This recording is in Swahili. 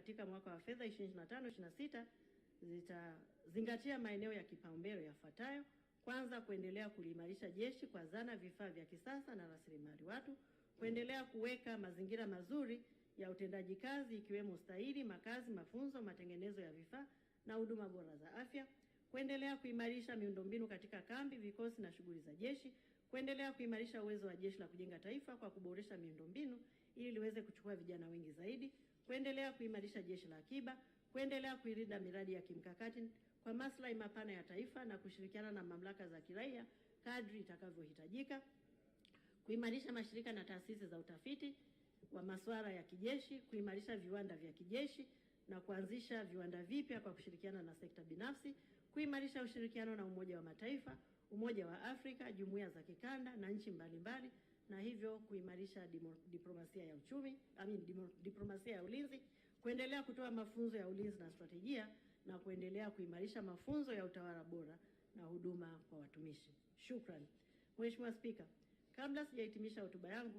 katika mwaka wa fedha 2025 26 zitazingatia maeneo ya kipaumbele yafuatayo: kwanza, kuendelea kuliimarisha jeshi kwa zana, vifaa vya kisasa na rasilimali watu; kuendelea kuweka mazingira mazuri ya utendaji kazi ikiwemo stahili, makazi, mafunzo, matengenezo ya vifaa na huduma bora za afya; kuendelea kuimarisha miundombinu katika kambi, vikosi na shughuli za jeshi; kuendelea kuimarisha uwezo wa jeshi la kujenga taifa kwa kuboresha miundombinu ili liweze kuchukua vijana wengi zaidi; kuendelea kuimarisha jeshi la akiba, kuendelea kuilinda miradi ya kimkakati kwa maslahi mapana ya taifa na kushirikiana na mamlaka za kiraia kadri itakavyohitajika, kuimarisha mashirika na taasisi za utafiti wa masuala ya kijeshi, kuimarisha viwanda vya kijeshi na kuanzisha viwanda vipya kwa kushirikiana na sekta binafsi, kuimarisha ushirikiano na Umoja wa Mataifa, Umoja wa Afrika, jumuiya za kikanda na nchi mbalimbali na hivyo kuimarisha diplomasia ya uchumi, I diplomasia ya ulinzi, kuendelea kutoa mafunzo ya ulinzi na strategia na kuendelea kuimarisha mafunzo ya utawala bora na huduma kwa watumishi. Shukran. Mheshimiwa Spika, kabla sijahitimisha hotuba yangu